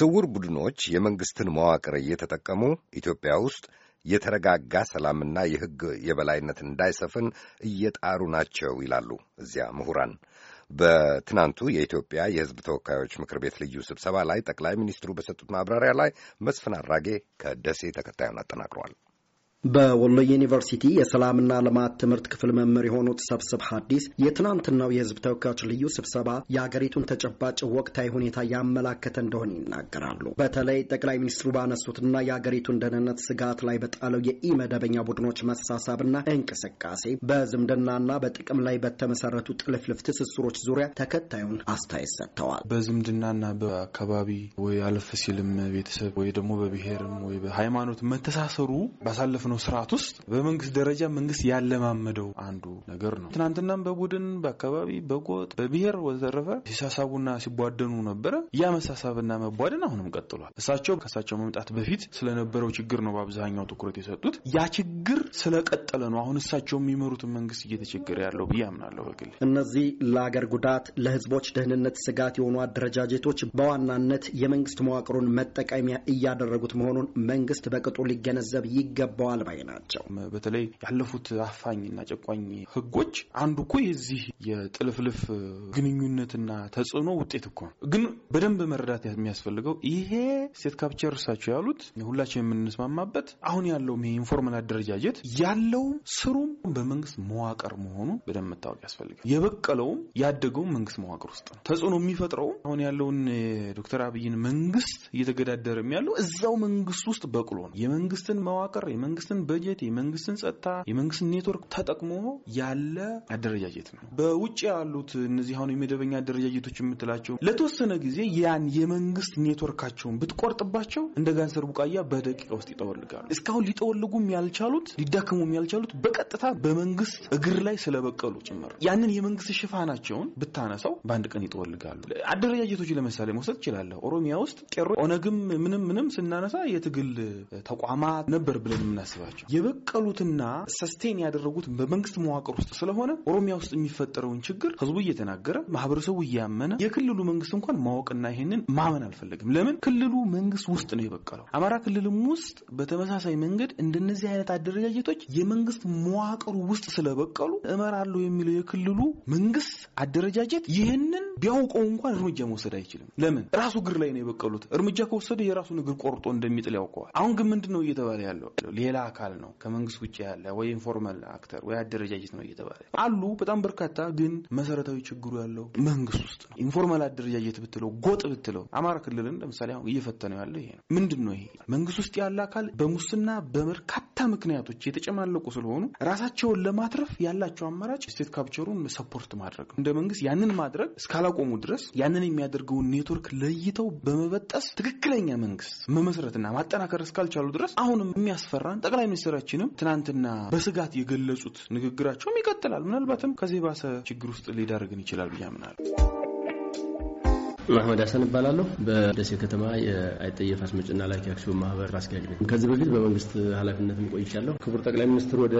ስውር ቡድኖች የመንግሥትን መዋቅር እየተጠቀሙ ኢትዮጵያ ውስጥ የተረጋጋ ሰላምና የሕግ የበላይነት እንዳይሰፍን እየጣሩ ናቸው ይላሉ እዚያ ምሁራን። በትናንቱ የኢትዮጵያ የሕዝብ ተወካዮች ምክር ቤት ልዩ ስብሰባ ላይ ጠቅላይ ሚኒስትሩ በሰጡት ማብራሪያ ላይ መስፍን አራጌ ከደሴ ተከታዩን አጠናቅሯል። በወሎ ዩኒቨርሲቲ የሰላምና ልማት ትምህርት ክፍል መምህር የሆኑት ሰብስብ ሀዲስ የትናንትናው የሕዝብ ተወካዮች ልዩ ስብሰባ የአገሪቱን ተጨባጭ ወቅታዊ ሁኔታ ያመላከተ እንደሆነ ይናገራሉ። በተለይ ጠቅላይ ሚኒስትሩ ባነሱትና የአገሪቱን ደህንነት ስጋት ላይ በጣለው የኢመደበኛ ቡድኖች መሳሳብና እንቅስቃሴ በዝምድናና በጥቅም ላይ በተመሰረቱ ጥልፍልፍ ትስስሮች ዙሪያ ተከታዩን አስተያየት ሰጥተዋል። በዝምድናና በአካባቢ ወይ አለፍ ሲልም ቤተሰብ ወይ ደግሞ በብሔርም ወይ በሃይማኖት መተሳሰሩ ባሳለፍ ነው ስርዓት ውስጥ በመንግስት ደረጃ መንግስት ያለማመደው አንዱ ነገር ነው። ትናንትናም በቡድን በአካባቢ በጎጥ በብሔር ወዘተረፈ ሲሳሳቡና ሲቧደኑ ነበረ። ያ መሳሳብና መቧደን አሁንም ቀጥሏል። እሳቸው ከእሳቸው መምጣት በፊት ስለነበረው ችግር ነው በአብዛኛው ትኩረት የሰጡት። ያ ችግር ስለቀጠለ ነው አሁን እሳቸው የሚመሩትን መንግስት እየተቸገረ ያለው ብዬ አምናለሁ በግል እነዚህ ለአገር ጉዳት ለህዝቦች ደህንነት ስጋት የሆኑ አደረጃጀቶች በዋናነት የመንግስት መዋቅሩን መጠቀሚያ እያደረጉት መሆኑን መንግስት በቅጡ ሊገነዘብ ይገባዋል ሆኗል ባይ ናቸው። በተለይ ያለፉት አፋኝና ጨቋኝ ህጎች አንዱ እኮ የዚህ የጥልፍልፍ ግንኙነትና ተጽዕኖ ውጤት እኮ ግን በደንብ መረዳት የሚያስፈልገው ይሄ ሴት ካፕቸር እርሳቸው ያሉት ሁላችን የምንስማማበት አሁን ያለውም ይሄ ኢንፎርማል አደረጃጀት ያለውም ስሩም በመንግስት መዋቅር መሆኑ በደንብ መታወቅ ያስፈልጋል። የበቀለውም ያደገውም መንግስት መዋቅር ውስጥ ነው። ተጽዕኖ የሚፈጥረውም አሁን ያለውን ዶክተር አብይን መንግስት እየተገዳደረ ያለው እዛው መንግስት ውስጥ በቅሎ ነው። የመንግስትን መዋቅር የመንግስት የመንግስትን በጀት፣ የመንግስትን ጸጥታ፣ የመንግስትን ኔትወርክ ተጠቅሞ ያለ አደረጃጀት ነው። በውጭ ያሉት እነዚህ አሁን የመደበኛ አደረጃጀቶች የምትላቸው ለተወሰነ ጊዜ ያን የመንግስት ኔትወርካቸውን ብትቆርጥባቸው እንደ ጋንሰር ቡቃያ በደቂቃ ውስጥ ይጠወልጋሉ። እስካሁን ሊጠወልጉም ያልቻሉት ሊዳክሙም ያልቻሉት በቀጥታ በመንግስት እግር ላይ ስለበቀሉ ጭምር ያንን የመንግስት ሽፋናቸውን ብታነሳው በአንድ ቀን ይጠወልጋሉ። አደረጃጀቶች ለምሳሌ መውሰድ ትችላለህ። ኦሮሚያ ውስጥ ቄሮ ኦነግም ምንም ምንም ስናነሳ የትግል ተቋማት ነበር ብለን የምናስብ ናቸው። የበቀሉትና ሰስቴን ያደረጉት በመንግስት መዋቅር ውስጥ ስለሆነ ኦሮሚያ ውስጥ የሚፈጠረውን ችግር ህዝቡ እየተናገረ ማህበረሰቡ እያመነ የክልሉ መንግስት እንኳን ማወቅና ይሄንን ማመን አልፈለግም። ለምን ክልሉ መንግስት ውስጥ ነው የበቀለው። አማራ ክልልም ውስጥ በተመሳሳይ መንገድ እንደነዚህ አይነት አደረጃጀቶች የመንግስት መዋቅሩ ውስጥ ስለበቀሉ እመራለሁ የሚለው የክልሉ መንግስት አደረጃጀት ይህንን ቢያውቀው እንኳን እርምጃ መውሰድ አይችልም። ለምን ራሱ እግር ላይ ነው የበቀሉት። እርምጃ ከወሰደ የራሱን እግር ቆርጦ እንደሚጥል ያውቀዋል። አሁን ግን ምንድን ነው እየተባለ ያለው? ሌላ አካል ነው ከመንግስት ውጭ ያለ ወይ ኢንፎርማል አክተር ወይ አደረጃጀት ነው እየተባለ አሉ። በጣም በርካታ ግን መሰረታዊ ችግሩ ያለው መንግስት ውስጥ ነው። ኢንፎርማል አደረጃጀት ብትለው ጎጥ ብትለው አማራ ክልልን ለምሳሌ አሁን እየፈተነው ያለው ይሄ ነው። ምንድን ነው ይሄ መንግስት ውስጥ ያለ አካል በሙስና በበርካታ ምክንያቶች የተጨማለቁ ስለሆኑ ራሳቸውን ለማትረፍ ያላቸው አማራጭ ስቴት ካፕቸሩን ሰፖርት ማድረግ ነው። እንደ መንግስት ያንን ማድረግ እስካላቆሙ ድረስ ያንን የሚያደርገውን ኔትወርክ ለይተው በመበጠስ ትክክለኛ መንግስት መመስረትና ማጠናከር እስካልቻሉ ድረስ አሁንም የሚያስፈራን ጠቅላይ ሚኒስትራችንም ትናንትና በስጋት የገለጹት ንግግራቸውም ይቀጥላል። ምናልባትም ከዚህ ባሰ ችግር ውስጥ ሊዳርግን ይችላል ብዬ አምናለሁ። መሐመድ ሀሰን እባላለሁ። በደሴ ከተማ የአይጠየፍ አስመጭና ላኪ አክሲዮን ማህበር አስኪያጅ ነኝ። ከዚህ በፊት በመንግስት ኃላፊነትም ቆይቻለሁ። ክቡር ጠቅላይ ሚኒስትር ወደ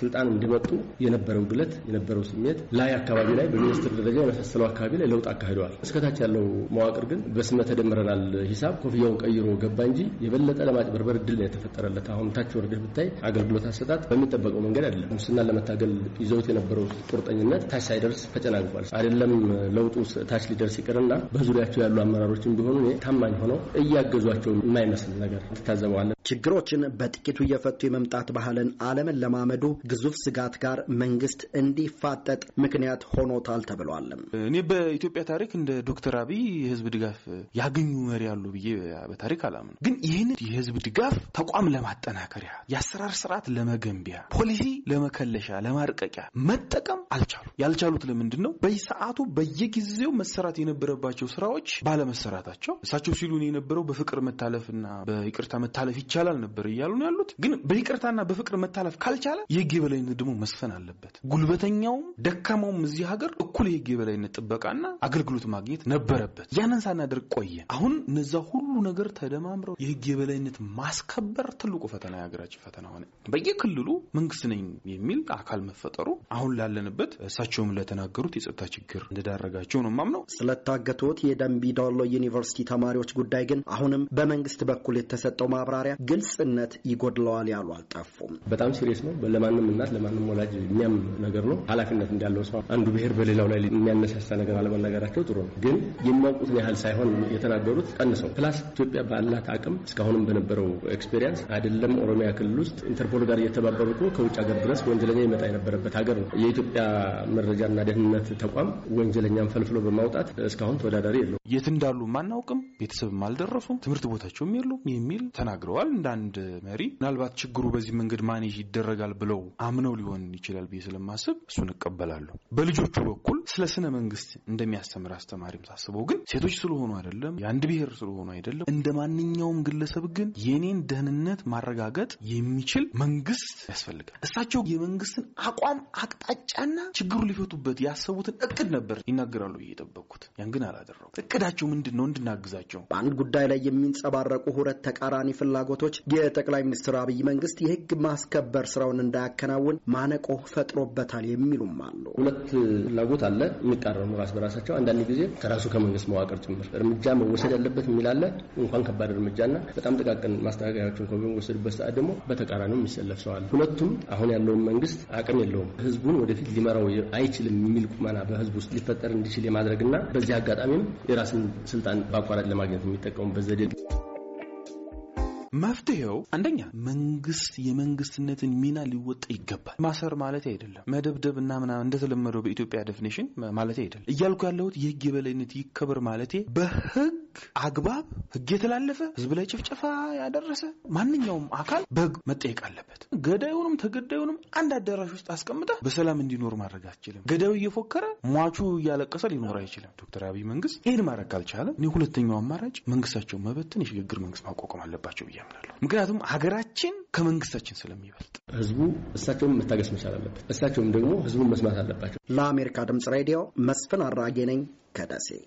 ስልጣን እንዲመጡ የነበረው ግለት የነበረው ስሜት ላይ አካባቢ ላይ በሚኒስትር ደረጃ የመሳሰለው አካባቢ ላይ ለውጥ አካሂደዋል። እስከታች ያለው መዋቅር ግን በስመ ተደምረናል ሂሳብ ኮፍያውን ቀይሮ ገባ እንጂ የበለጠ ለማጭበርበር እድል ነው የተፈጠረለት። አሁን ታች ወርደህ ብታይ አገልግሎት አሰጣጥ በሚጠበቀው መንገድ አይደለም። ሙስናን ለመታገል ይዘውት የነበረው ቁርጠኝነት ታች ሳይደርስ ተጨናግፏል። አይደለም ለውጡ ታች ሊደርስ ይቅርና ብዙ በዙሪያቸው ያሉ አመራሮችም ቢሆኑ ታማኝ ሆነው እያገዟቸው የማይመስል ነገር ትታዘበዋለን። ችግሮችን በጥቂቱ እየፈቱ የመምጣት ባህልን አለምን ለማመዱ ግዙፍ ስጋት ጋር መንግስት እንዲፋጠጥ ምክንያት ሆኖታል ተብሏል። እኔ በኢትዮጵያ ታሪክ እንደ ዶክተር አብይ የህዝብ ድጋፍ ያገኙ መሪ አሉ ብዬ በታሪክ አላምነው። ግን ይህንን የህዝብ ድጋፍ ተቋም ለማጠናከሪያ፣ የአሰራር ስርዓት ለመገንቢያ፣ ፖሊሲ ለመከለሻ፣ ለማርቀቂያ መጠቀም አልቻሉ። ያልቻሉት ለምንድን ነው? በሰዓቱ በየጊዜው መሰራት የነበረባቸው ስራዎች ባለመሰራታቸው እሳቸው ሲሉን የነበረው በፍቅር መታለፍና በይቅርታ መታለፍ ይቻላል ነበር እያሉ ነው ያሉት። ግን በይቅርታና በፍቅር መታለፍ ካልቻለ የህግ የበላይነት ደግሞ መስፈን አለበት። ጉልበተኛውም ደካማውም እዚህ ሀገር እኩል የህግ የበላይነት ጥበቃና አገልግሎት ማግኘት ነበረበት። ያንን ሳናደርግ ቆየን። አሁን እነዛ ሁሉ ነገር ተደማምረው የህግ የበላይነት ማስከበር ትልቁ ፈተና የሀገራችን ፈተና ሆነ። በየክልሉ መንግስት ነኝ የሚል አካል መፈጠሩ አሁን ላለንበት እሳቸውም ለተናገሩት የጸጥታ ችግር እንደዳረጋቸው ነው ማምነው። ስለታገቱት የደንቢ ዶሎ ዩኒቨርሲቲ ተማሪዎች ጉዳይ ግን አሁንም በመንግስት በኩል የተሰጠው ማብራሪያ ግልጽነት ይጎድለዋል ያሉ አልጠፉም። በጣም ሲሪየስ ነው። ለማንም እናት ለማንም ወላጅ የሚያም ነገር ነው። ኃላፊነት እንዳለው ሰው አንዱ ብሔር በሌላው ላይ የሚያነሳሳ ነገር አለመናገራቸው ጥሩ ነው። ግን የሚያውቁትን ያህል ሳይሆን የተናገሩት ቀንሰው ፕላስ ኢትዮጵያ ባላት አቅም እስካሁንም በነበረው ኤክስፔሪንስ አይደለም ኦሮሚያ ክልል ውስጥ ኢንተርፖል ጋር እየተባበሩ ከውጭ ሀገር ድረስ ወንጀለኛ ይመጣ የነበረበት ሀገር ነው። የኢትዮጵያ መረጃና ደህንነት ተቋም ወንጀለኛን ፈልፍሎ በማውጣት እስካሁን ተወዳዳሪ ነገር የለው። የት እንዳሉ ማናውቅም፣ ቤተሰብም አልደረሱም፣ ትምህርት ቦታቸውም የሉም የሚል ተናግረዋል። እንደ አንድ መሪ ምናልባት ችግሩ በዚህ መንገድ ማኔጅ ይደረጋል ብለው አምነው ሊሆን ይችላል ብዬ ስለማስብ እሱን እቀበላለሁ። በልጆቹ በኩል ስለ ስነ መንግስት እንደሚያስተምር አስተማሪም ሳስበው ግን ሴቶች ስለሆኑ አይደለም፣ የአንድ ብሔር ስለሆኑ አይደለም፣ እንደ ማንኛውም ግለሰብ ግን የኔን ደህንነት ማረጋገጥ የሚችል መንግስት ያስፈልጋል። እሳቸው የመንግስትን አቋም አቅጣጫና ችግሩ ሊፈቱበት ያሰቡትን እቅድ ነበር ይናገራሉ ብዬ ያን ግን አላደረጉ የቀረው? እቅዳቸው ምንድን ነው? እንድናግዛቸው በአንድ ጉዳይ ላይ የሚንጸባረቁ ሁለት ተቃራኒ ፍላጎቶች የጠቅላይ ሚኒስትር አብይ መንግስት የህግ ማስከበር ስራውን እንዳያከናውን ማነቆ ፈጥሮበታል የሚሉም አሉ። ሁለት ፍላጎት አለ የሚቃረኑ ራስ በራሳቸው አንዳንድ ጊዜ ከራሱ ከመንግስት መዋቅር ጭምር እርምጃ መወሰድ ያለበት የሚላለ እንኳን ከባድ እርምጃና በጣም ጥቃቅን ማስተካከያዎችን ከሚወሰድበት ሰዓት ደግሞ በተቃራኒው የሚሰለፍ ሰዋል። ሁለቱም አሁን ያለውን መንግስት አቅም የለውም ህዝቡን ወደፊት ሊመራው አይችልም የሚል ቁመና በህዝብ ውስጥ ሊፈጠር እንዲችል የማድረግና በዚህ አጋጣሚም የራስን ስልጣን በአቋራጭ ለማግኘት የሚጠቀሙበት ዘዴ መፍትሄው አንደኛ መንግስት የመንግስትነትን ሚና ሊወጣ ይገባል። ማሰር ማለት አይደለም፣ መደብደብ እና ምናምን እንደተለመደው በኢትዮጵያ ዴፊኒሽን ማለት አይደለም። እያልኩ ያለሁት የህግ የበላይነት ይከበር ማለቴ በህግ ህግ አግባብ ህግ የተላለፈ ህዝብ ላይ ጭፍጨፋ ያደረሰ ማንኛውም አካል በህግ መጠየቅ አለበት። ገዳዩንም ተገዳዩንም አንድ አዳራሽ ውስጥ አስቀምጠ በሰላም እንዲኖር ማድረግ አትችልም። ገዳዩ እየፎከረ ሟቹ እያለቀሰ ሊኖር አይችልም። ዶክተር አብይ መንግስት ይህን ማድረግ ካልቻለም እኔ ሁለተኛው አማራጭ መንግስታቸውን መበትን የሽግግር መንግስት ማቋቋም አለባቸው ብዬ አምናለሁ። ምክንያቱም ሀገራችን ከመንግስታችን ስለሚበልጥ ህዝቡ እሳቸውም መታገስ መቻል አለበት። እሳቸውም ደግሞ ህዝቡን መስማት አለባቸው። ለአሜሪካ ድምጽ ሬዲዮ መስፍን አራጌ ነኝ ከደሴ።